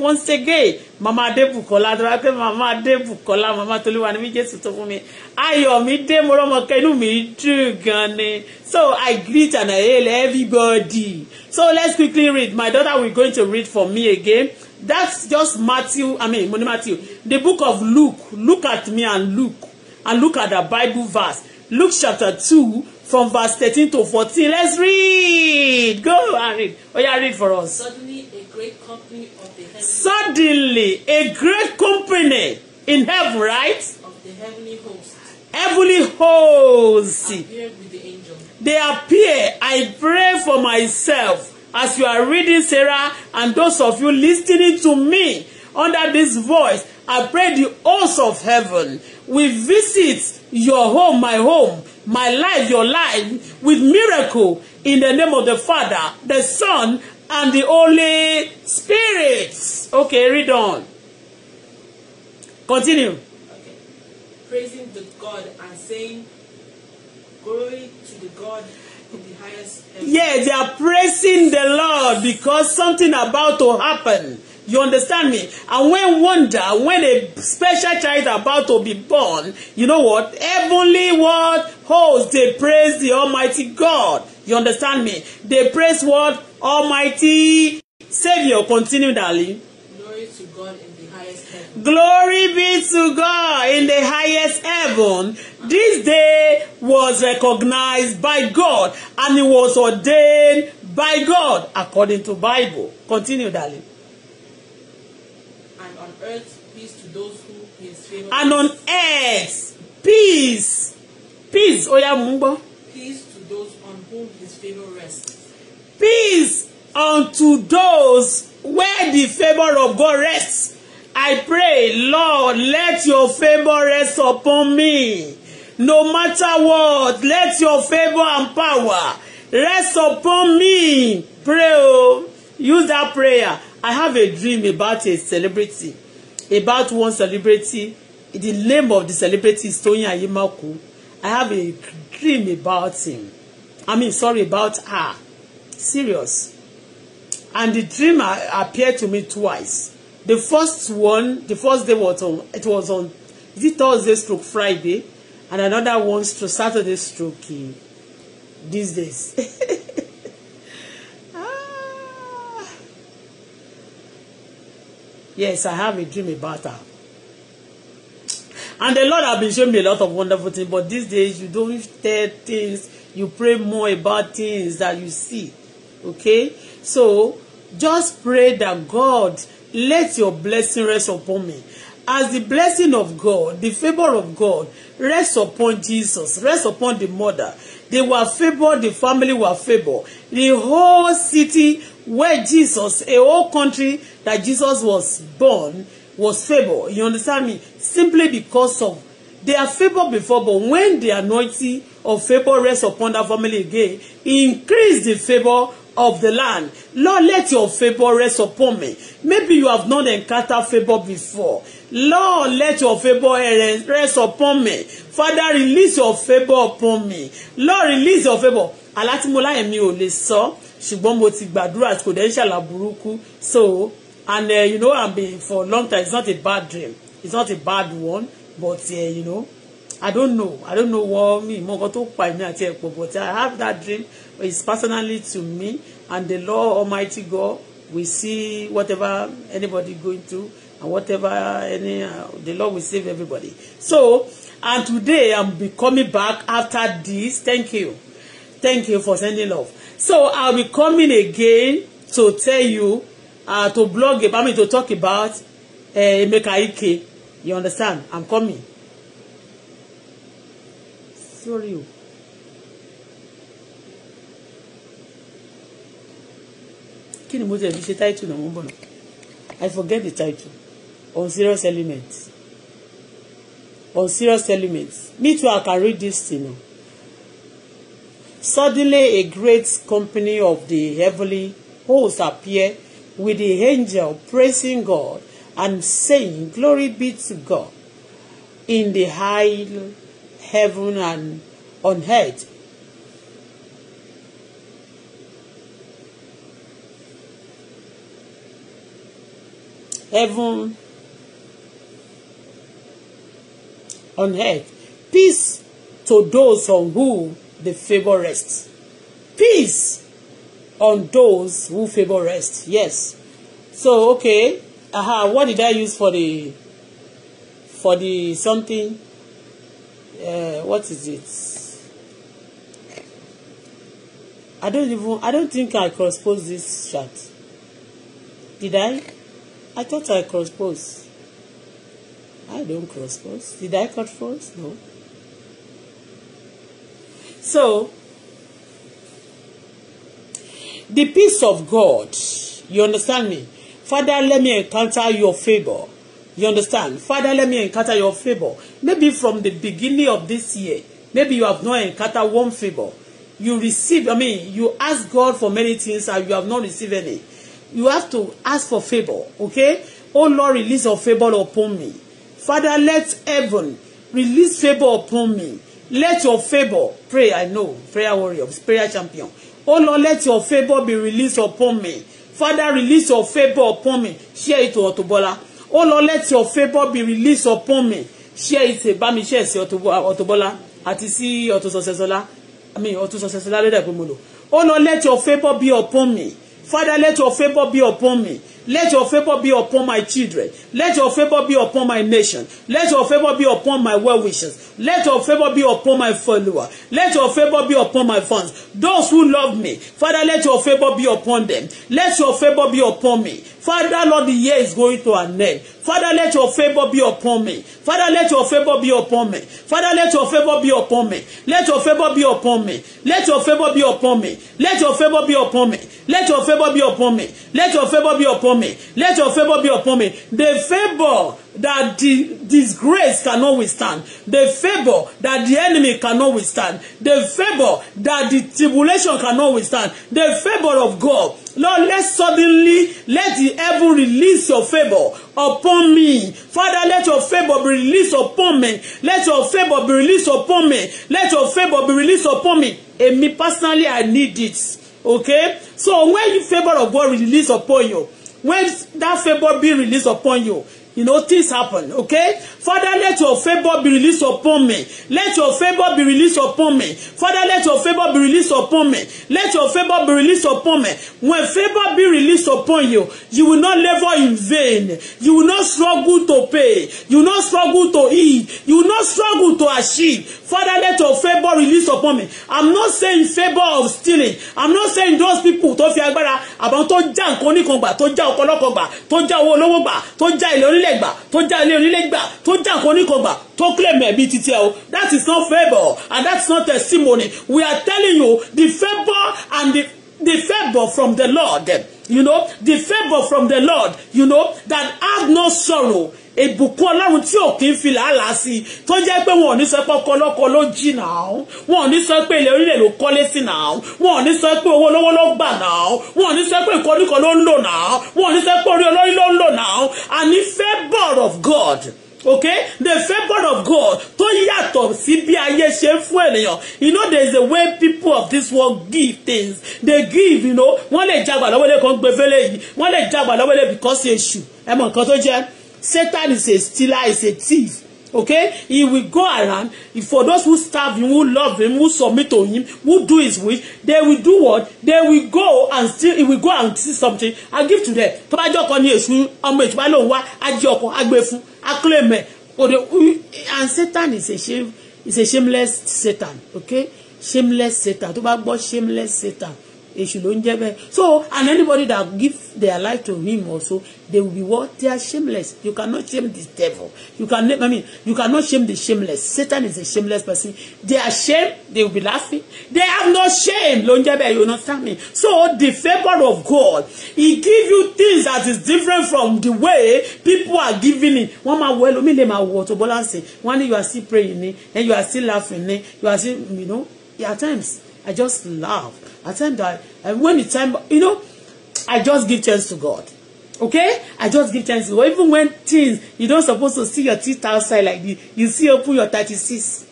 once again mama adébùkọ́lá tó bá pé mama adébùkọ́lá mama tolúwa ni mí jésù tó fún mi ayọ̀ mi dé mo rọ́mọkẹ́ inú mi dùn gan ni so i greet and i hail everybody so let's quickly read my daughter will going to read for me again that's just matthew i mean money matthew the book of luke look at me and look and look at the bible verse luke chapter two from verse thirteen to fourteen let's read go and read Oh, oya read for us. suddenly a great company of Suddenly, a great company in heaven, right? Of the heavenly host. Heavenly host. They appear. I pray for myself as you are reading, Sarah, and those of you listening to me under this voice. I pray the host of heaven will visit your home, my home, my life, your life with miracle in the name of the Father, the Son, and the Holy Spirit. Okay, read on. Continue. Okay. Praising the God and saying, Glory to the God in the highest heaven. Yeah, they are praising the Lord because something about to happen. You understand me? And when wonder, when a special child about to be born, you know what? Heavenly what hosts, they praise the Almighty God. You understand me? They praise what Almighty Saviour, continue, darling. Glory to God in the highest heaven. Glory be to God in the highest heaven. This day was recognized by God and it was ordained by God according to Bible. Continue, darling. And on earth, peace to those who his favor. And on earth, peace. Peace, Oya Mungbo. Peace to those on whom his favor rests peace unto those where the favor of God rests. I pray, Lord, let your favor rest upon me. No matter what, let your favor and power rest upon me. Pray, oh, use that prayer. I have a dream about a celebrity, about one celebrity. The name of the celebrity is Tony Ayimaku. I have a dream about him. I mean, sorry, about her serious. And the dream appeared to me twice. The first one, the first day was on, it was on is it Thursday stroke Friday, and another one stroke Saturday stroke uh, these days. ah. Yes, I have a dream about her. And the Lord has been showing me a lot of wonderful things, but these days you don't tell things, you pray more about things that you see okay so just pray that God let your blessing rest upon me as the blessing of God the favour of God rest upon Jesus rest upon the mother they were favoured the family were favoured the whole city where Jesus a whole country that Jesus was born was favoured you understand me simply because of they are favored before, but when the anointing of favor rests upon that family again, increase the favor of the land. Lord, let your favor rest upon me. Maybe you have not encountered favor before. Lord, let your favor rest upon me. Father, release your favor upon me. Lord, release your favor. Àlá tí mo lá yẹn mi ò lè sọ, ṣùgbọ́n mo ti gbàdúrà kò dẹ̀ ṣàlà burúkú. So, and uh, you know, I'm been for a long time. It's not a bad dream. It's not a bad one, but uh, you know, I don't know I don't know what me. mọ nǹkan tó pa èmi àti ẹ̀pọ̀ but I have that dream but it's personally to me and the Lord Almighty God will see whatever anybody going through and whatever any uh, the Lord will save everybody so and today I'm be coming back after this thank you thank you for sending love so I'll be coming again to tell you uh, to blog about me to talk about uh, Emeka Ike you understand I'm coming sorry o. kí ni mo ti fi ṣe title náà mo ń bọ̀ náà I forget the title on serious elements on serious elements me too I can read this thing now. Suddenly a great company of the heavenly hosts appear, with the angel praising God and saying glory be to God in the high heaven and on earth. Heaven on earth. Peace to those on whom the favor rests. Peace on those who favor rest. Yes. So, okay. Aha, what did I use for the for the something? uh, what is it? I don't even, I don't think I cross-post this chat. Did I? I thought I cross-post. I don't cross-post. Did I cut post No. So, the peace of God, you understand me? Father, let me encounter your favor. You understand? Father, let me encounter your favor. Maybe from the beginning of this year, maybe you have not encountered one favor. You receive, I mean, you ask God for many things and you have not received any. You have to ask for favor, okay? Oh Lord, release your favor upon me. Father, let heaven release favor upon me. Let your favor, pray, I know, prayer warrior, prayer champion. Oh Lord, let your favor be released upon me. Father, release your favor upon me. Share it to Auto Oh Lord, let your favor be released upon me. Share it, ba mi share sí Auto Bola àti sí I mean, Auto Success Ola ló dẹ̀ Oh Lord, let your favor be upon me. Father, let your favor be upon me. Let your favor be upon my children. Let your favor be upon my nation. Let your favor be upon my well wishers. Let your favor be upon my follower. Let your favor be upon my fans. Those who love me, Father, let your favor be upon them. Let your favor be upon me. Father, Lord, the year is going to an end. Father, let your favor be upon me. Father, let your favor be upon me. Father, let your favor be upon me. Let your favor be upon me. Let your favor be upon me. Let your favor be upon me. Let your favor be upon me. Let your favor be upon me. Let your favor be upon me. The favor that the disgrace cannot withstand. The favor that the enemy cannot withstand. The favor that the tribulation cannot withstand. The favor of God. Lord, let suddenly let the heaven release your favor upon me. Father, let your favor be released upon me. Let your favor be released upon me. Let your favor be released upon me. And me personally, I need it. Okay? So when you favor of God release upon you, when that favor be released upon you, you know things happen okay father let your favour be released upon me let your favour be released upon me father let your favour be released upon me let your favour be released upon me when favour be released upon you you will not labour in vain you will not struggle to pay you will not struggle to eat you will not struggle to achieve father let your favour released upon me i'm not saying favour of stealing i'm not saying those people tó fi agbára àbọ̀n tó já nǹkan oníkan gbà tó já ọkọ̀ ọlọ́kọ̀ gbà tó já owó olówó gbà tó já onílẹ̀ tó já ilé onílẹ̀ tó já nǹkan tó claim ẹ̀mí títí ẹ o that is not favour and that is not testimony we are telling you the favour and the the favour from the Lord you know the favour from the Lord you know that have no sorrow ìbùkún ọlọ́run tí ò kí ń fi làálàá sí i tó jẹ́ pé wọn ò ní sọ pé ọkọ ọlọ́kọ ló jì náà wọn ò ní sọ pé ilẹ̀ orílẹ̀ ló kọ́lé sí náà wọn ò ní sọ pé owó olówó ló gbà náà wọn ò ní sọ pé nǹkan oníkan ló ń lò náà wọn ò ní sọ pé orí olórí ló ń lò náà àní favour of God okay the favour of God tó yàtọ̀ sí bí ayé ṣe ń fún ènìyàn you know there is a way people of this world give things they give you know wọ́n lè jagbà lọ́wọ́lé kan gbé fẹ́lẹ́ yìí wọ́n lè jagbà lọ́wọ́lé because èṣù ẹ mọ̀ nǹkan tó jẹ́ Satan is a stealer, is a thief. Okay, he will go around. If for those who serve him, who love him, who submit to him, who do his wish, they will do what? They will go and still, He will go and steal something and give to them. Tó bá jẹ́ ọkọ ní èṣù ọmọ èṣù bá lòun wá, á jí ọkọ, á fún, á claim ẹ̀. And Satan is a shame, is a shameless Satan. Okay, shameless Satan. Tó bá gbọ́ shameless Satan. They should ń jẹ́ so and anybody that give their life to him also they will be what they are shameless you cannot shame the devil you can I mean you cannot shame the shameless Satan is a shameless person they are shame they will be laughing they have no shame ló ń jẹ́ bẹ́ẹ̀ you understand me so the favour of God he give you things that is different from the way people are giving it One máa well, ẹlòmíì lè máa wọ to Bola ń One wọ́n you are still praying ni and you are still laughing ni you are still you know at times I just laugh. At times I, and when the time, you know, I just give thanks to God. Okay? I just give thanks to God. Even when things, you don't supposed to see your teeth outside like this, you see open your 36.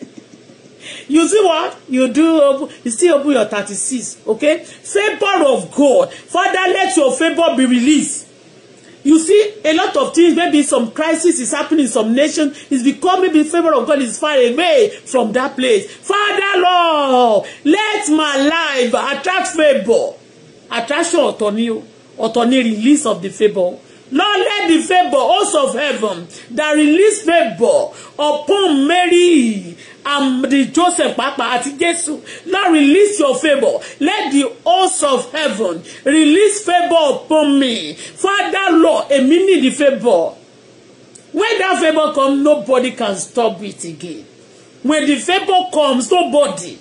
you see what? You do open, you see open your 36. Okay? Favor of God. Father, let your favor be released. You see, a lot of things, maybe some crisis is happening in some nation, is because maybe the favor of God is far away from that place. Father Lord, let my life attract favor. Attraction ọ̀tọ̀ ni o, ọ̀tọ̀ ni release of the favor. Lord, let the favor also of heaven that release favor upon Mary and the Joseph Papa at Jesus. Now release your favor. Let the host of heaven release favor upon me. Father, Lord, èmi need the favor. When that favor comes, nobody can stop it again. When the favor comes, nobody.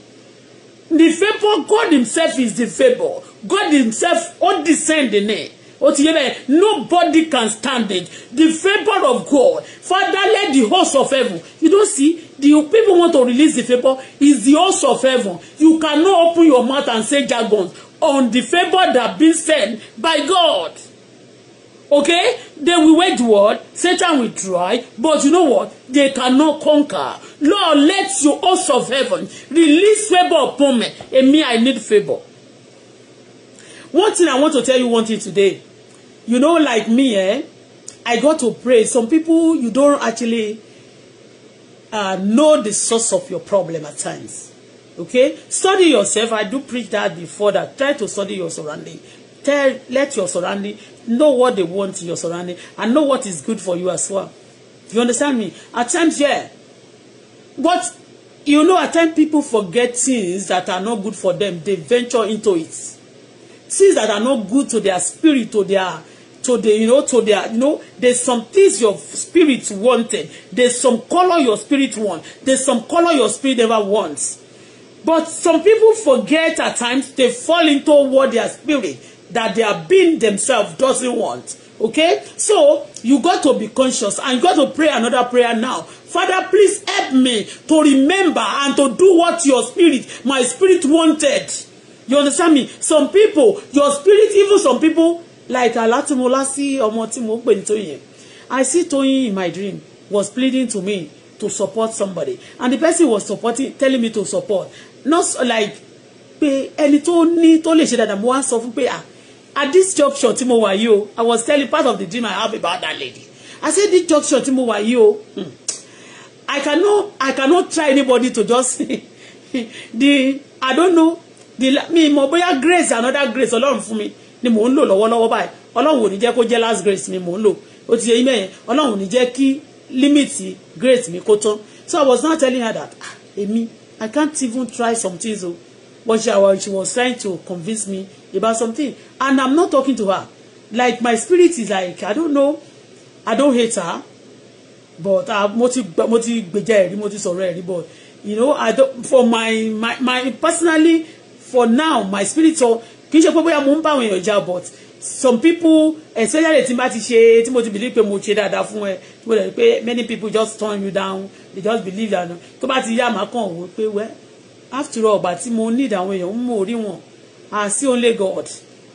The favor, God himself is the favor. God himself, all descend in it ó ti yé bẹ́ẹ̀ nobody can stand it the favour of God father let the host of heaven you don see the people want to release the favour is the host of heaven you cannot open your mouth and say jargon on the favour that been sent by God okay they will wage word. satan will try but you know what they cannot conquer lord let your host of heaven release favour upon me and me i need favour one thing i want to tell you one thing today you know like me eh I go to pray some people you don't actually uh, know the source of your problem at times okay study yourself I do preach that before that try to study your surrounding tell let your surrounding know what they want in your surrounding and know what is good for you as well you understand me at times yeah but you know at times people forget things that are not good for them they venture into it things that are not good to their spirit to their to the you know to the you know there's some things your spirit wanted there's some color your spirit want there's some color your spirit never wants but some people forget at times they fall into what their spirit that they are being themselves doesn't want okay so you got to be conscious and you got to pray another prayer now Father please help me to remember and to do what your spirit my spirit wanted you understand me some people your spirit even some people like alátìmọ́lá sí ọmọ tí mo ń pè ní Tóyìn I see Tóyìn in my dream was pleading to me to support somebody and the person was supporting telling me to support not like pé ẹni tó ní tó lè ṣe dáadáa mo wá sọ fún pé ah at this junction tí mo wà yìí o I was telling part of the dream I have about that lady I say this junction tí mo wà yìí o hmm, I cannot I cannot try anybody to just the I don't know the me mọ̀ bóyá grace another grace Ọlọ́run fún mi ni mò ń lò lọ́wọ́lọ́wọ́ báyìí ọlọ́run ò ní jẹ́ kó jẹ́ last grace mi mò ń lò ó ti yẹ yín mẹ́yẹn ọlọ́run ò ní jẹ́ kí limit grace mi kó tán so I was not telling her that ah I can't even try something. So, but she, was, she was trying to convince me about something and I'm not talking to her like my spirit is like I don't know I don't hate her but uh, mo ti mo ti gbèjà ẹ̀rí mo ti sọ̀rọ̀ ẹ̀rí but you know I don't for my my my personally for now my spiritual kì í ṣe pé bóyá mo ń bá àwọn èèyàn jà but some people especially tí n bá ti ṣe tí mo ti believe pé mo ṣe dáadáa fún ẹ tí mo dẹ̀ pé many people just turn you down they just believe that tó bá ti yá màá kàn wò pé wẹ́ after all ọ̀gbà tí mo need àwọn èèyàn mo rí wọn and see only God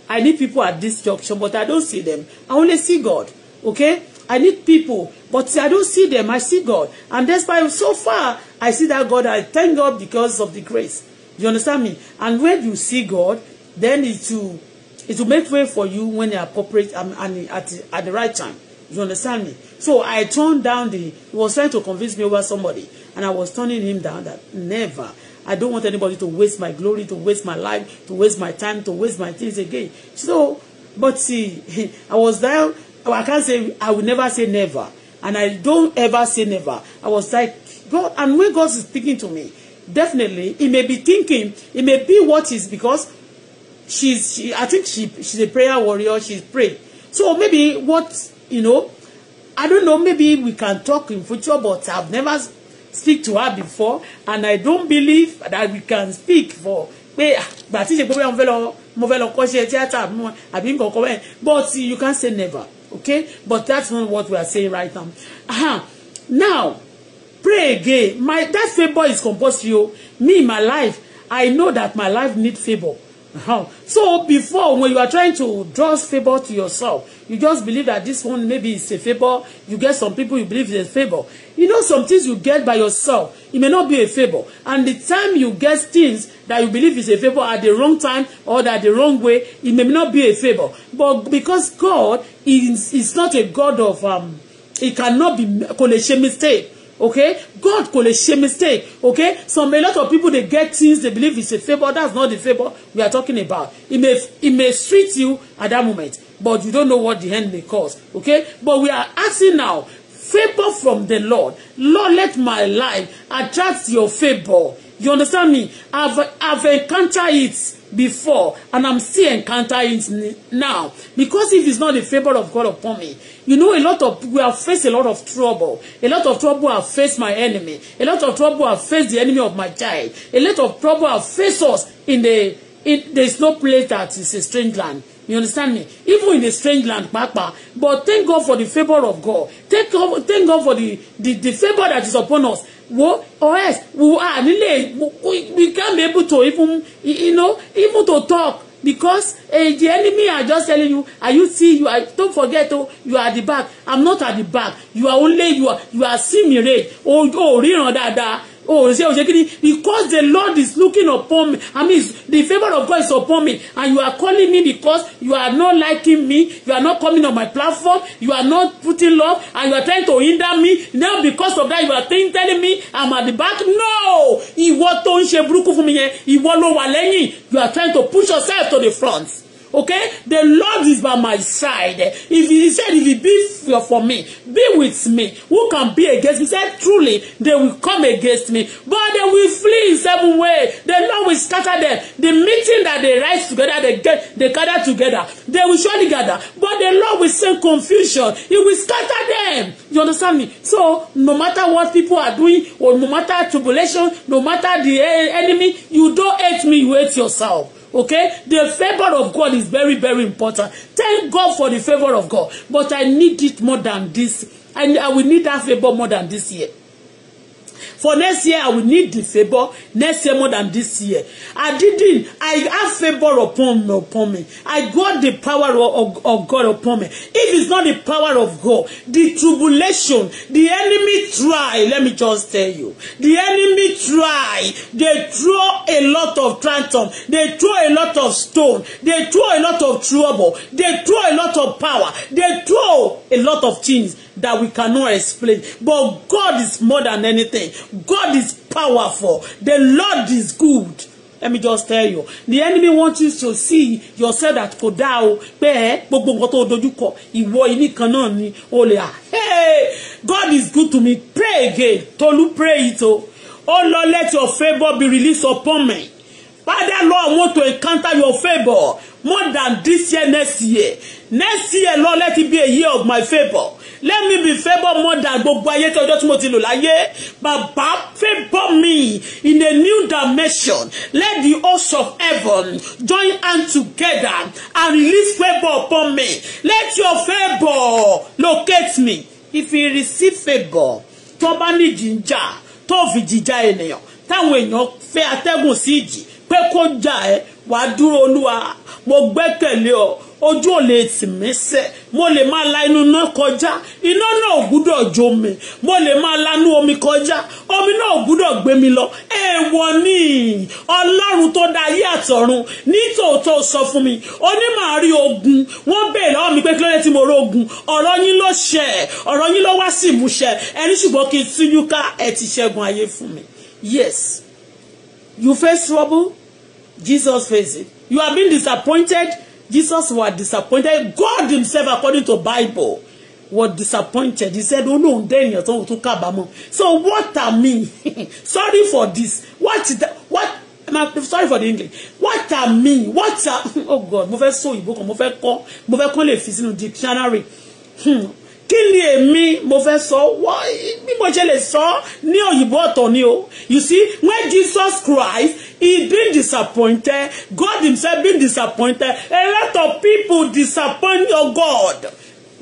I need people at this junction but I don't see them I only see God okay I need people but I don't see them I see God and that's why so far I see that God I thank God because of the grace you understand me and when you see God then it will it will make way for you when you appropriate um, and, and at, at the right time you understand me so I turned down the he was trying to convince me over somebody and I was turning him down that never I don't want anybody to waste my glory to waste my life to waste my time to waste my things again so but see I was down oh, I can't say I will never say never and I don't ever say never I was like God and when God is speaking to me definitely he may be thinking it may be what is because she's she, I think she she's a prayer warrior. She's pray. So maybe what you know, I don't know. Maybe we can talk in future, but I've never speak to her before, and I don't believe that we can speak for pé ah, gbà tí ṣe pé bóyá mo fẹ́ lọ mo fẹ́ lọ kọ́ṣẹ́ tíátà àbí nǹkan kan bẹ́ẹ̀ but you can't say never okay but that's not what we are saying right now uh-huh. now pray again my that favour is compulsory o me my life I know that my life need favour so before when you are trying to draw favor to yourself you just believe that this one maybe is a favor you get some people you believe is a favor you know some things you get by yourself it may not be a favor and the time you get things that you believe is a favor at the wrong time or that the wrong way it may not be a favor but because God is is not a God of um it cannot be kò mistake okay god kò lè ṣe mistake okay some a lot of people dey get things they believe is a favour that's not the favour we are talking about it may it may sweet you at that moment but you don't know what the end may cause okay but we are asking now favour from the lord lord let my life attract your favour You understand me? I've, I've encountered it before and I'm still encountering it now. Because if it's not the favor of God upon me, you know a lot of we have faced a lot of trouble. A lot of trouble have faced my enemy. A lot of trouble have faced the enemy of my child. A lot of trouble have faced us in the in, there's no place that is a strange land you understand me even in a strange land papa but thank God for the favour of God thank God thank God for the the the favour that is upon us wo or else we are nílé we can't be able to even you know even to talk because eh, the enemy are just telling you are you see you are don't forget oh you are the back I'm not at the back you are only you are you are seeing me red oh oh ríran dáadáa Oh, ṣe o ṣe kí because the Lord is looking upon me I mean the favour of God is upon me and you are calling me because you are not liking me you are not coming on my platform you are not putting love and you are trying to hinder me now because of that you are think, telling me I'm at the back no ìwọ tó ń ṣe burúkú fún mi yẹn ìwọ ló wà lẹ́yìn you are trying to push yourself to the front. Okay? The Lord is by my side. If he said, if he be for me, be with me. Who can be against me? He said, truly, they will come against me. But they will flee in seven ways. The Lord will scatter them. The meeting that they rise together, they get they gather together. They will surely gather. But the Lord will send confusion. He will scatter them. You understand me? So no matter what people are doing, or no matter tribulation, no matter the eh, enemy, you don't hate me, you hate yourself. Okay? The favor of God is very, very important. Thank God for the favor of God. But I need it more than this. I, I will need that favor more than this year. For next year, I will need the favor next year more than this year. I didn't. I have favor upon me. Upon me. I got the power of, of, of God upon me. If it's not the power of God, the tribulation, the enemy try. Let me just tell you. The enemy try. They throw a lot of tantrum. They throw a lot of stone. They throw a lot of trouble. They throw a lot of power. They throw a lot of things that we cannot explain. But God is more than anything. God is powerful. The Lord is good. Let me just tell you. The enemy wants you to see yourself that kò dá o pé gbogbo nǹkan tó dojú kọ ìwọ yìí nìkan náà ni o lè à. God is good to me. Pray again. Tolu pray it o. Oh Lord, let your favor be released upon me. Father Lord, I want to encounter your favor more than this year next year. Next year, Lord, let it be a year of my favor let me be favour more than gbogbo ayé tí ọjọ́ tí mo ti lò láyé bàbá favour me in a new dimension let the host of heaven join hand together and release favour upon me let your favour locate me if you receive favour tó bá ní ìjìjà tó fi jìjà ènìyàn táwọn èèyàn fẹ́ atẹ́gùn sí ìjì pé kó jà ẹ́ wàá dúró olúwa mo gbẹ́kẹ̀lé ọ ojú ò lè tì mí sẹ́ mo lè máa la inú náà kọjá iná náà ò gbúdọ̀ jó mi mo lè máa lanú omi kọjá omi náà ò gbúdọ̀ gbé mi lọ èèwọ̀ ni ọlọ́run tó dá ayé àtọ̀run ní tòótọ́ sọ fún mi ó ogun wọ́n béèrè lọ́wọ́ mi pé kí ló dé tí mo rógun ọ̀rọ̀ yín ló ṣẹ ọ̀rọ̀ yín ló wá sí ìmúṣẹ ẹni ṣùgbọ́n kí n túyúká ẹ ti ṣẹ́gun ayé fún mi yes You face trouble, Jesus face it. You are being disappointed, Jesus was disappointed. God himself, according to Bible, was disappointed. He said, oh no, then you're talking to kábàámọ̀. So what are me? Sorry for this. What, the, what, I'm sorry for the English. What are me? What are, oh God, mo fẹ́ so òyìnbó kan, mo fẹ́ kọ́, mo fẹ́ kọ́ lè fi sínú dictionary. Hmm kí ni èmi mo fẹ́ sọ bí mo ṣe lè sọ ní òyìnbó ọ̀tọ̀ ni o you see when Jesus Christ he been disappointed God himself been disappointed a lot of people disappoint your God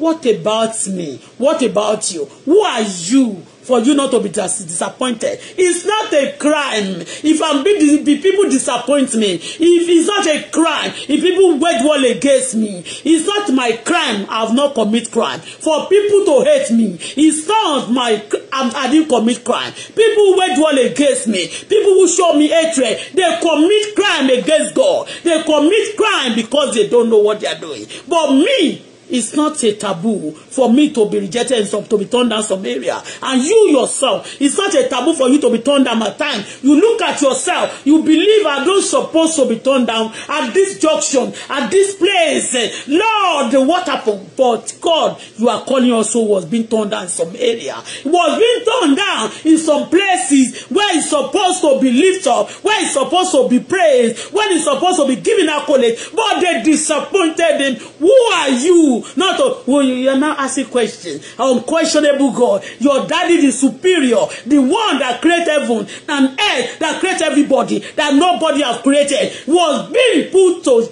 what about me what about you who are you for you not to be dis disappointed. It's not a crime if I'm be dis if people disappoint me. If it's not a crime if people wage war against me. It's not my crime. I've not commit crime. For people to hate me, it's not my I'm, I didn't commit crime. People wage war against me. People who show me hatred, they commit crime against God. They commit crime because they don't know what they are doing. But me, It's not a taboo for me to be rejected in some, to be turned down some area. And you yourself, it's not a taboo for you to be turned down at time. You look at yourself, you believe I don't supposed to be turned down at this junction, at this place. Lord, what happened? But God, you are calling also was being turned down in some area. It was being turned down in some places where it's supposed to be lifted up, where it's supposed to be praised, where it's supposed to be given accolades, but they disappointed him. Who are you? Not to, well, you are now asking questions. Unquestionable God. Your daddy, is superior, the one that created heaven and earth, that created everybody, that nobody has created, was being put to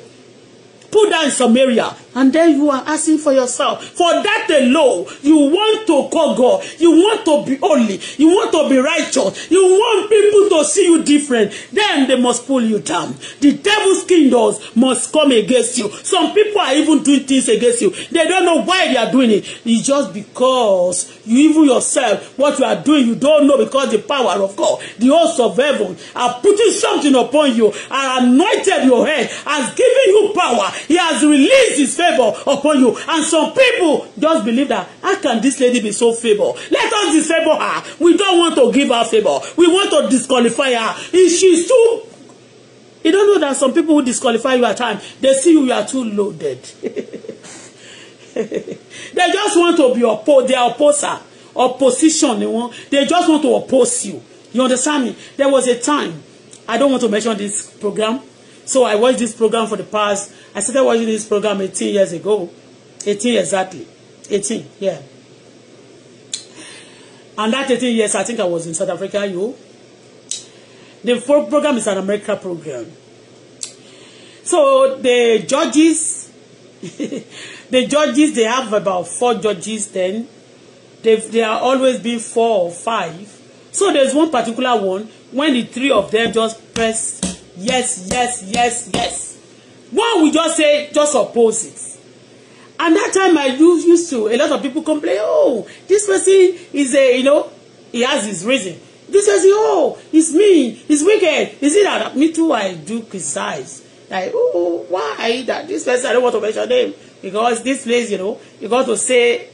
put down Samaria, and then you are asking for yourself for that alone you want to call God you want to be holy you want to be righteous you want people to see you different then they must pull you down the devil's kingdoms must come against you some people are even doing things against you they don't know why they are doing it it's just because You even yourself, what you are doing, you don't know because the power of God, the host of heaven, are putting something upon you, and anointed your head, has given you power. He has released his favor upon you. And some people just believe that, how can this lady be so favored? Let us disable her. We don't want to give her favor. We want to disqualify her. If she's too you don't know that some people who disqualify you at times, they see you, you are too loaded. they just want to be oppo their opposer opposition ni wọn they just want to oppose you you understand me there was a time I don't want to mention this program so I watched this program for the past I started watching this program eighteen years ago eighteen exactly eighteen yeah and that eighteen years I think I was in South Africa You. the program is an American program so the judges the judges they have about four judges then they they are always been four or five so there's one particular one when the three of them just press yes yes yes yes one will just say just oppose it and that time I used, used to a lot of people complain oh this person is a you know he has his reason this person oh he's mean he's wicked is it that me too I do criticize like oh why that this person I don't want to mention name because this place, you know, you got to say,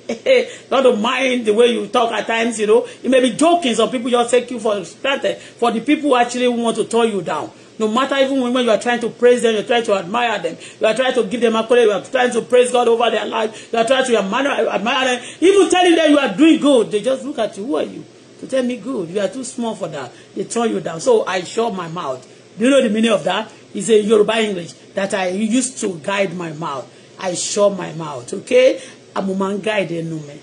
not to mind the way you talk at times, you know. it may be joking, some people just take you for granted, for the people who actually want to tear you down. No matter even when you are trying to praise them, you are trying to admire them, you are trying to give them accolade, you are trying to praise God over their life, you are trying to admire, admire them, even telling them you are doing good, they just look at you, who are you? To tell me good, you are too small for that. They turn you down. So I shut my mouth. Do you know the meaning of that? It's a Yoruba English that I used to guide my mouth. I shut my mouth okay mo máa ń guide ẹnu mi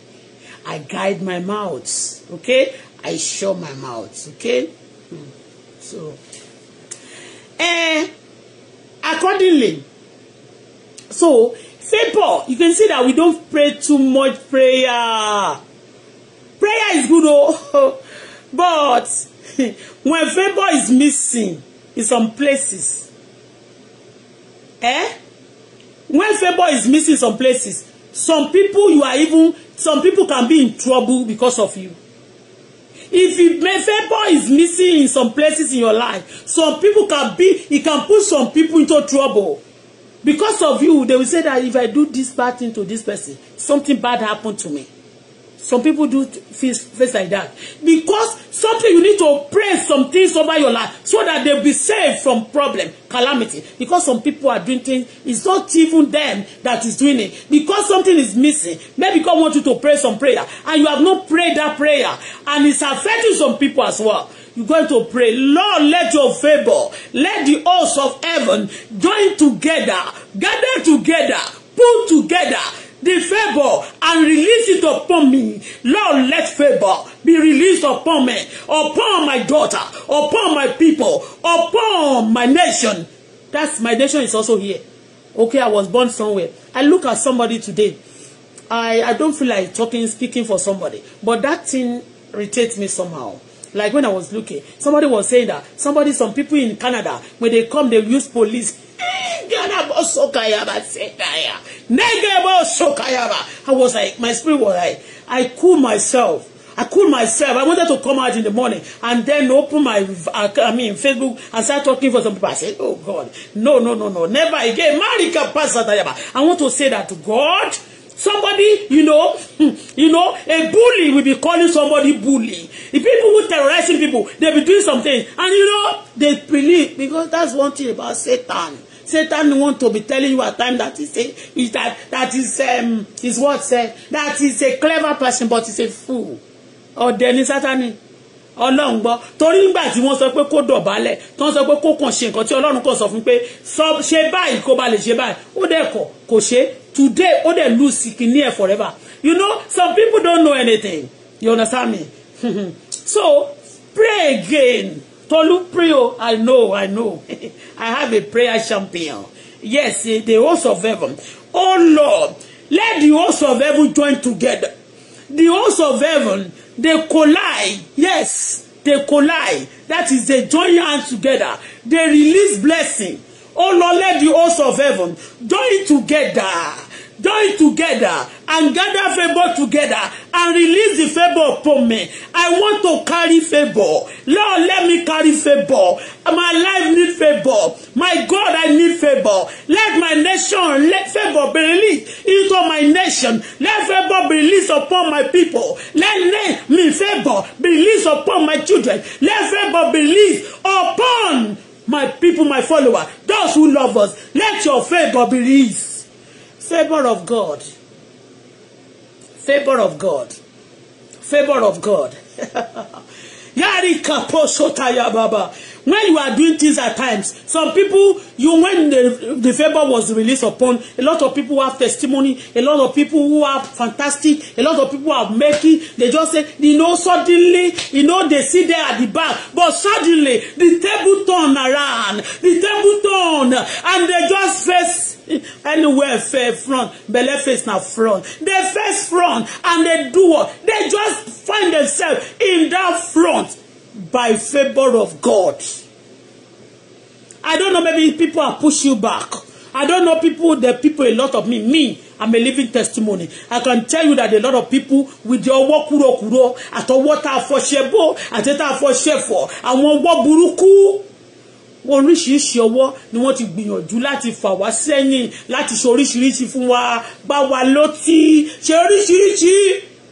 I guide my mouth okay I shut my mouth okay hmm. so eh, accordingly so Favour, you can see that we don't pray too much prayer. Prayer is good, oh, but when favour is missing in some places, eh? when favor is missing some places some people you are even some people can be in trouble because of you if you, favor is missing in some places in your life some people can be it can put some people into trouble because of you they will say that if I do this bad thing to this person something bad happened to me Some people do things face like that. Because something you need to pray some things over your life so that they be saved from problem, calamity. Because some people are doing things, it's not even them that is doing it. Because something is missing. Maybe God want you to pray some prayer and you have not prayed that prayer and it's affecting some people as well. You going to pray, Lord, let your favor, let the hosts of heaven join together, gather together, pull together the favor and release it upon me. Lord, let favor be released upon me, upon my daughter, upon my people, upon my nation. That's my nation is also here. Okay, I was born somewhere. I look at somebody today. I, I don't feel like talking, speaking for somebody. But that thing irritates me somehow. Like when I was looking, somebody was saying that somebody, some people in Canada, when they come, they use police Ganabo sokayaba sekaya. Negebo sokayaba. I was like, my spirit was like, I cool myself. I cool myself. I wanted to come out in the morning and then open my, I mean, Facebook and start talking for some people. I said, oh God, no, no, no, no, never again. Marika Pasatayaba. I want to say that to God. Somebody, you know, hmm, you know, a bully will be calling somebody bully. The people who terrorizing people, they be doing something. And you know, they believe because that's one thing about Satan. Satan want to be telling you at time that he say is that that is um is what said that is a clever person but is a fool. Or then Satan ọlọ́run gbọ́ torí nígbà tí wọ́n sọ pé kó dọ̀bálẹ̀ tó ń sọ pé kó kàn ṣe nǹkan tí ọlọ́run kàn sọ fún pé ṣe báyìí kó ba lè ṣe báyìí ó dẹ̀ kọ̀ kò ṣe today ó dẹ̀ lose kìíní ẹ̀ forever you know some people don't know anything you understand me so pray again tolu pray o i know i know i have a prayer champion yes the host of heaven oh lord let the host of heaven join together the host of heaven They collide. Yes, they collide. That is, they join hands together. They release blessing. Oh Lord, let the hosts of heaven join together join together and gather favor together and release the favor upon me. I want to carry favor. Lord, let me carry favor. My life need favor. My God, I need favor. Let my nation, let favor be released into my nation. Let favor be released upon my people. Let, let me favor be released upon my children. Let favor be released upon my people, my follower, those who love us. Let your favor be released. Favor of God. Favor of God. Favor of God. Yari kapo sotaya baba. When you are doing things at times, some people, you when the, the favor was released upon, a lot of people have testimony, a lot of people who are fantastic, a lot of people are making, they just say, you know, suddenly, you know, they sit there at the back, but suddenly, the table turn around, the table turn, and they just face anywhere fair front belle face na front dey face front and dey do what dey just find themselves in that front by favor of God I don't know maybe people are push you back I don't know people the people a lot of me me I'm a living testimony I can tell you that a lot of people with their ọwọ́ kúròkúrò àtọwọ́ tá a fọṣẹ bó àti tá a fọṣẹ fọ àwọn ọwọ́ burúkú oríṣiríṣi ọwọ́ ni wọ́n ti gbìyànjú láti fà wá sẹ́yìn láti ṣe oríṣiríṣi fún wa bá wa lọ́tí ṣe oríṣiríṣi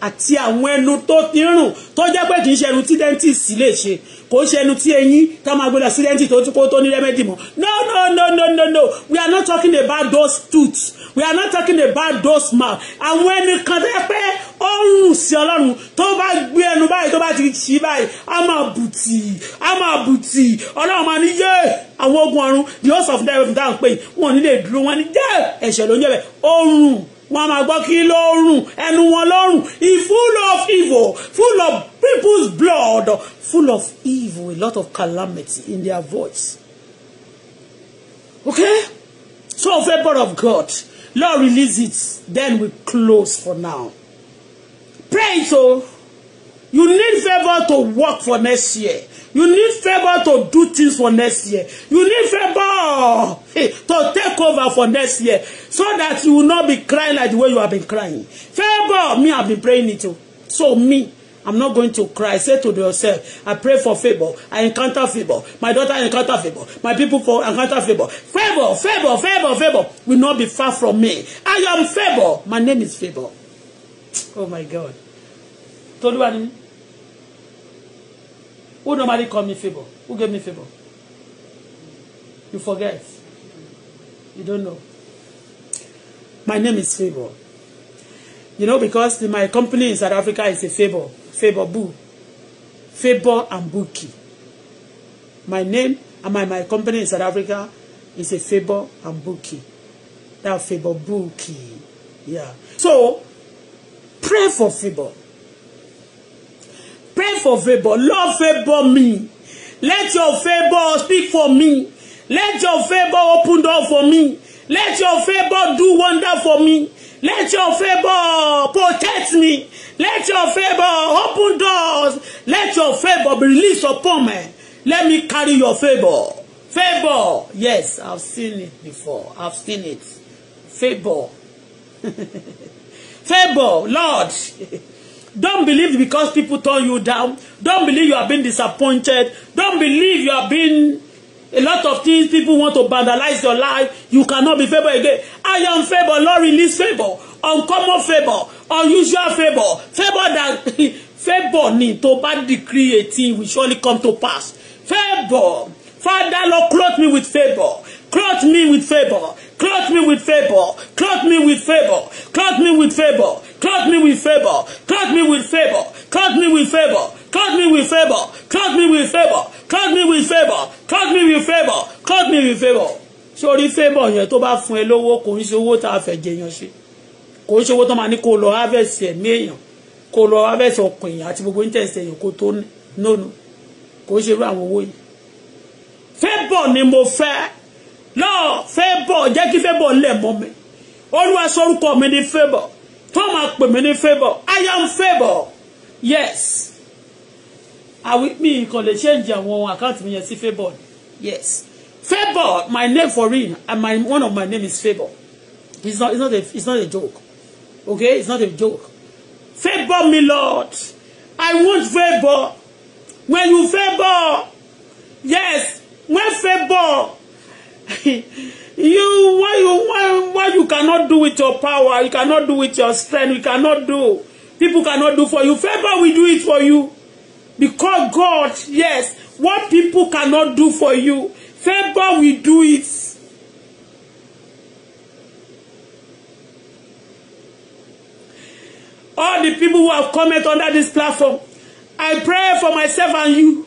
àti àwọn ẹnu tó ti ń rùn tó jẹ́ pé kì í ṣe ẹnu tí dentist lè ṣe kò ń ṣe ẹnu tí eyín tá máa gbé lọ sí dentist tó kó tó ní remedy mọ́ no no no no no no we are not talking about those tooths we are not talking about those mouth àwọn ẹni kan tó yẹ pé ó ń rùn sí ọlọ́run tó bá gbé ẹnu báyìí tó bá ti ṣí báyìí a máa bùtì a máa bùtì ọlọ́run máa ní yé àwọn ogun ọ̀run the host of them down pé wọn ò ní lè dúró wọn ní yé ẹ̀ṣẹ̀ ló ń yẹ bẹ́ẹ̀ ó ń rùn wọ́n máa gbọ́ kí ló rùn ẹnu wọn ló rùn is full of evil full of people's blood full of evil a lot of calamity in their voice okay so favour of God Lord release it then we close for now pray so you need favour to work for next year You need favor to do things for next year. You need favor to take over for next year so that you will not be crying like the way you have been crying. Favor, me, I've been praying it too. So me, I'm not going to cry. Say to yourself, I pray for favor. I encounter favor. My daughter encounter favor. My people for encounter favor. Favor, favor, favor, favor will not be far from me. I am favor. My name is favor. Oh my God. Tolu Who nobody call me favor? Who gave me favor? You forget. You don't know. My name is Favor. You know, because my company in South Africa is a Favor. Favor Boo. Favor and Buki. My name and uh, my, my company in South Africa is a Favor and Buki. That Favor Buki. Yeah. So, pray for Favor. Pray for favor. Lord, favor me. Let your favor speak for me. Let your favor open door for me. Let your favor do wonder for me. Let your favor protect me. Let your favor open doors. Let your favor be released upon me. Let me carry your favor. Favor. Yes, I've seen it before. I've seen it. Favor. favor, Lord. Don't believe because people turn you down. Don't believe you are being disappointed. Don't believe you are being a lot of things people want to vandalize your life. You cannot be favored again. I am favor, Lord release favor, uncommon favor, unusual favor, favor that favor need to bad decree a thing will surely come to pass. Favor. Father, Lord, clothe me with favor. Clothe me with favor. Clothe me with favor. Clothe me with favor. Clothe me with favor. Clothe me with favor. Clothe me with favor. Clothe me with favor. Clothe me with favor. Clothe me with favor. Clothe me with favor. Clothe me with favor. Clothe me with favor. Sórí favor yẹn tó bá fún ẹ lówó kò ń ṣe owó tá a fẹ́ jẹyàn ṣe. Kò ń ṣe owó tó máa ní kó lọ harvest ẹ̀mí èèyàn. Kó lọ harvest ọkàn èèyàn àti gbogbo interest èèyàn kó tó nónú. Kò ń ṣe irú àwọn owó yìí. Favor ni mo fẹ́ lọ́ọ̀ favour jẹ́ kí favour lẹ̀ mọ́ mi olúwa sọ́rúkọ mi ní favour tó máa pè mí ní favour i am favour yes àwí mi kàn lè change àwọn àkáǹtì mi yẹn sí favour yes favour my name for real and my one of my name is favour it's not it's not a it's not a joke okay it's not a joke favour me lord i want favour when you favour yes when favour you why you why why you cannot do with your power you cannot do with your strength you cannot do people cannot do for you favor will do it for you because God yes what people cannot do for you favor will do it. All the people who have comment under this platform, I pray for myself and you.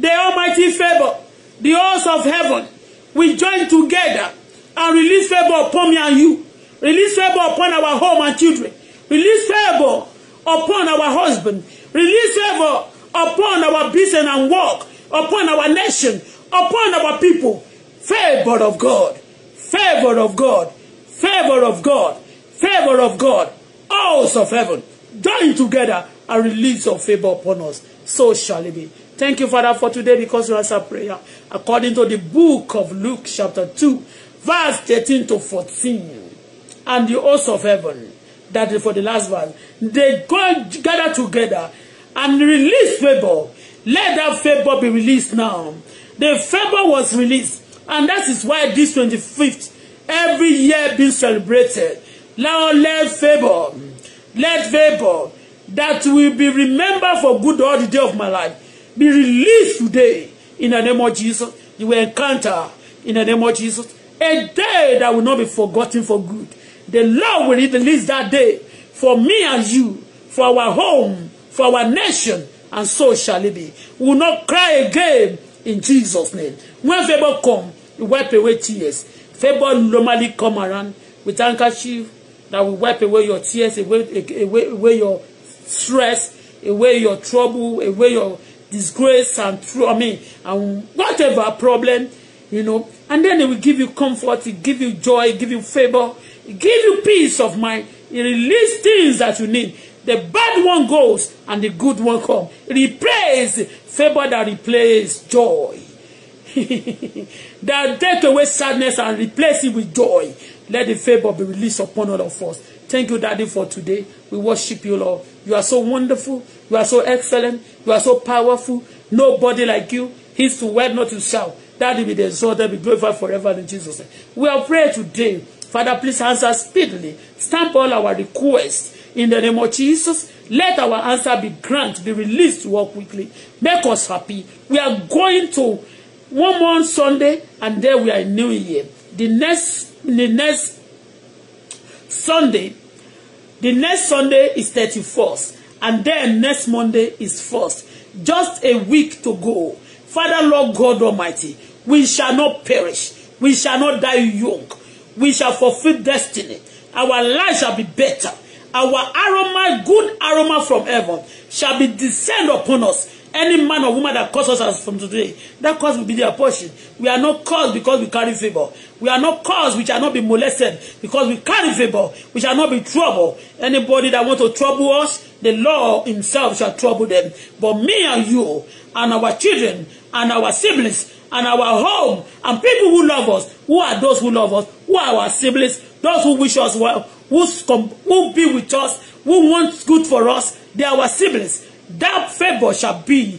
The Almighty favor, the hosts of heaven, we join together and release favor upon me and you. Release favor upon our home and children. Release favor upon our husband. Release favor upon our business and work, upon our nation, upon our people. Favor of God. Favor of God. Favor of God. Favor of God. House of heaven. Join together and release of favor upon us. So shall it be. Thank you, Father, for today because you answer prayer according to the book of Luke chapter 2, verse 13 to 14. And the host of heaven, that is for the last verse, they go gather together and release favor. Let that favor be released now. The favor was released. And that is why this 25th, every year being celebrated. Now let favor, let favor that will be remembered for good all the day of my life be released today in the name of Jesus. You will encounter in the name of Jesus a day that will not be forgotten for good. The Lord will release that day for me and you, for our home, for our nation, and so shall it be. We will not cry again in Jesus' name. When favor come, you wipe away tears. Favor normally come around with handkerchief that will wipe away your tears, away, away, away your stress, away your trouble, away your disgrace and through, I mean, and whatever problem, you know. And then it will give you comfort, it give you joy, it give you favor, it give you peace of mind. It release things that you need. The bad one goes and the good one come. Replace favor that replace joy. that take away sadness and replace it with joy. Let the favor be released upon all of us. Thank you, Daddy, for today. We worship you, Lord. You are so wonderful. You are so excellent. You are so powerful. Nobody like you. He's to wed, not to shout. That will be the That will be glorified forever in Jesus' name. We are praying today. Father, please answer speedily. Stamp all our requests in the name of Jesus. Let our answer be granted, be released to us quickly. Make us happy. We are going to one more Sunday, and then we are in New Year. The next, the next Sunday, The next Sunday is 31st. And then next Monday is 1st. Just a week to go. Father, Lord God Almighty, we shall not perish. We shall not die young. We shall fulfill destiny. Our life shall be better. Our aroma, good aroma from heaven, shall be descend upon us. Any man or woman that curses us from today, that cause will be their portion. We are not cursed because we carry favor. We are not cursed. We shall not be molested because we carry favor. We shall not be troubled. Anybody that want to trouble us, the law himself shall trouble them. But me and you and our children and our siblings and our home and people who love us, who are those who love us, who are our siblings, those who wish us well, who will be with us, who wants good for us, they are our siblings. That favor shall be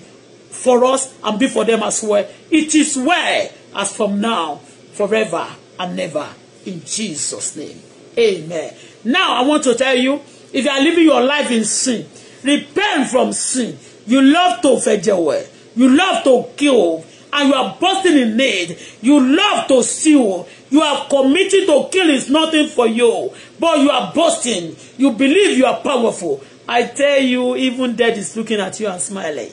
for us and be for them as well. It is well as from now forever and ever in Jesus' name. Amen. Now I want to tell you, if you are living your life in sin, repent from sin. You love to fedgewe. You love to kill. And you are busting in need. You love to steal. You are committed to kill is nothing for you. But you are busting. You believe you are powerful. I tell you, even death is looking at you and smiling.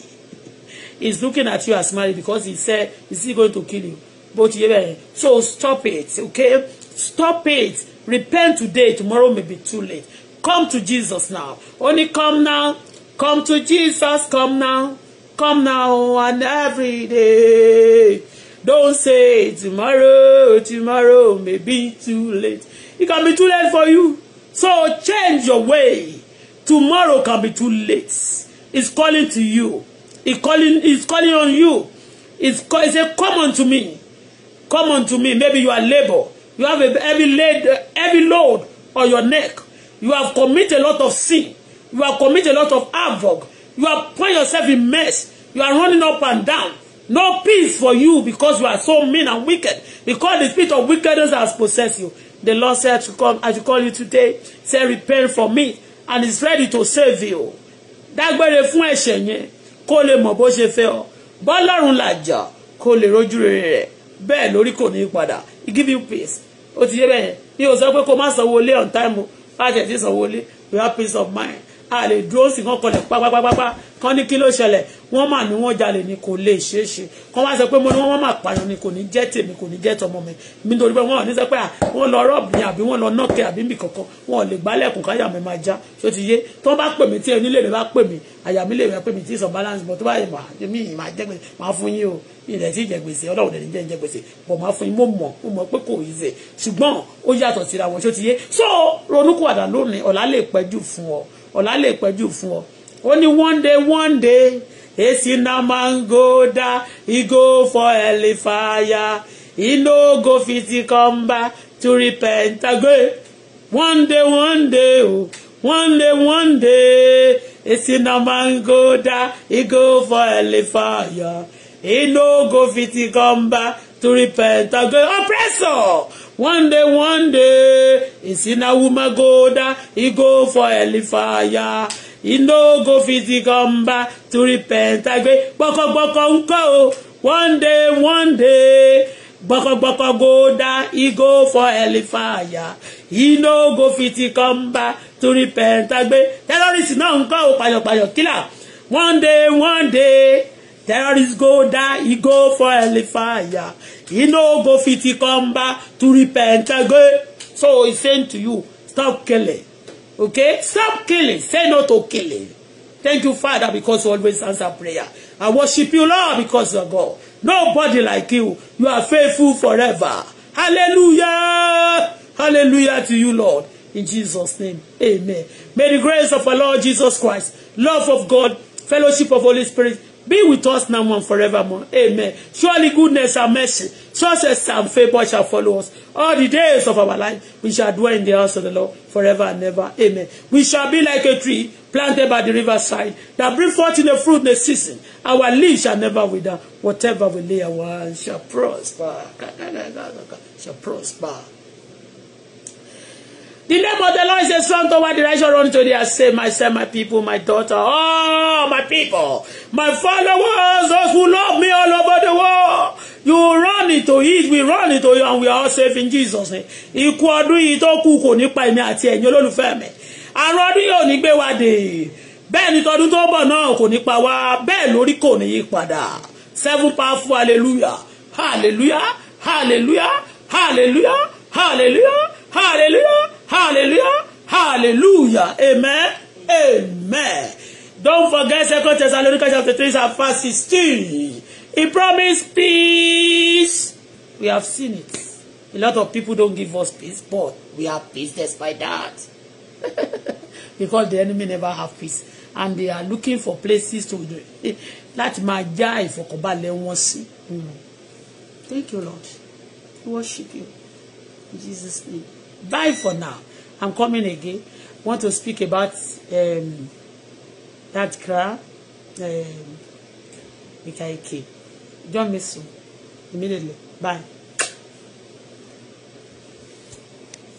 He's looking at you and smiling because he said, is he going to kill you? bó ti bẹ́ẹ̀ so stop it okay stop it repent today tomorrow may be too late come to Jesus now Only come now come to Jesus come now come now and every day don't say tomorrow tomorrow may be too late it can be too late for you so change your way tomorrow can be too late it's calling to you it's calling it's calling on you it's, it's a come to me Come unto me. Maybe you are labor. You have a heavy, load, heavy load on your neck. You have commit a lot of sin. You have commit a lot of havoc. You have put yourself in mess. You are running up and down. No peace for you because you are so mean and wicked. Because the spirit of wickedness has possess you. The Lord said, to come, I should call you today. Say, repent for me. And is ready to save you. Dágbére fún ẹ̀ṣẹ̀ yẹn kó lè mọ̀ bó ṣe fẹ́ ọ. Bọ́lọ́run làjà kó lè rójú rere bẹ́ẹ̀ lórí kò ní padà he give you peace ó ti yé bẹ́ẹ̀ yẹn mi ò sọ pé kó má sanwó lé on time o má tẹ̀ sí sanwó lé we have peace of mind a lè dúró sí kan kọlẹ̀ pápápápá kan ní kí ló ṣẹlẹ̀ wọ́n mà ní wọ́n jalè ni kò lè ṣeé ṣe kan wá sọ pé mo ní wọ́n mà pààyàn ni kò ní jẹ́ tèmi kò ní jẹ́ tọmọ mi nítorí pé wọ́n ò ní sọ pé wọ́n lọ rọ́ọ̀bù ni àbí wọ́n lọ nọ́ọ̀kẹ́ àbí níbi kankan wọ́n ò lè gbálẹ̀kùn káyà mi máa já ṣó ti yé tó bá pè mí tí onílé mi bá pè mí àyà mi lè mi pè mí tí sọ balance bọ̀ tó bá yẹ mí ì máa jẹ́ gbèsè máa fún yín o ilẹ̀ tí ìjẹgbèsè ọlọ́run ẹ̀ ní jẹ́ ìjẹgbèsè bọ̀ máa fún yín mo mọ̀ mo mọ̀ pé kò yí sè ṣùgbọ́n ó yàtọ̀ síra wọn ṣó ti yé so ronúkúwàdà lónìí ọ̀la lè ọ̀la lè pẹ́jù fún ọ ó ní one day one day èsì náà máa ń go dá igo for early fire e no go fit come back to repent again one day one day o one day one day èsì náà máa ń go dá igo for early fire e no go fit come back to repent again oppressor one day one day a woman go down he go for hellfire He no go fit come back to repent again gbọkọgbọkọ nkọ unko. one day one day gbọkọgbọkọ go down he go for hellfire He no go fit come back to repent again terrorist náà nkọ o payọpayọ killer one day one day. There is go that he go for hellfire. He no go fit he come back to repent again. So He saying to you, stop killing. Okay? Stop killing. Say no to killing. Thank you, Father, because you always answer prayer. I worship you, Lord, because you are God. Nobody like you. You are faithful forever. Hallelujah! Hallelujah to you, Lord. In Jesus' name, amen. May the grace of our Lord Jesus Christ, love of God, fellowship of Holy Spirit, Be with us now and forevermore. Amen. Surely goodness and mercy, success and favor shall follow us. All the days of our life, we shall dwell in the house of the Lord forever and ever. Amen. We shall be like a tree planted by the riverside that bring forth in the fruit in the season. Our leaves shall never wither. Whatever we lay our hands shall prosper. Shall prosper. The name of the Lord is a strong tower, the righteous run to their say, my son, my people, my daughter, oh, my people, my followers, those who love me all over the world. You run into it, we run into you, and we are all safe in Jesus' name. Ikú ọdún yìí tó kù ati ní pa èmi àti ẹ̀yin olólùfẹ́ mi. Àrùn ọdún yìí ò ní gbé wa dè. Bẹ́ẹ̀ ni tọdún tó pa wá, bẹ́ẹ̀ lórí kò ní yí Seven powerful hallelujah, hallelujah, hallelujah, hallelujah, hallelujah, hallelujah. Hallelujah. Hallelujah. Amen. Amen. Don't forget Second Thessalonians chapter 3 verse 16. He promised peace. We have seen it. A lot of people don't give us peace, but we have peace despite that. Because the enemy never have peace. And they are looking for places to do láti máa já ìfọ̀kànbalẹ̀ wọn sí. Hmm. Thank you, Lord. We worship you. In Jesus' name. Bye for now. I'm coming again. Want to speak about um, that crowd? Um, Mikaike. Don't miss you. Immediately. Bye.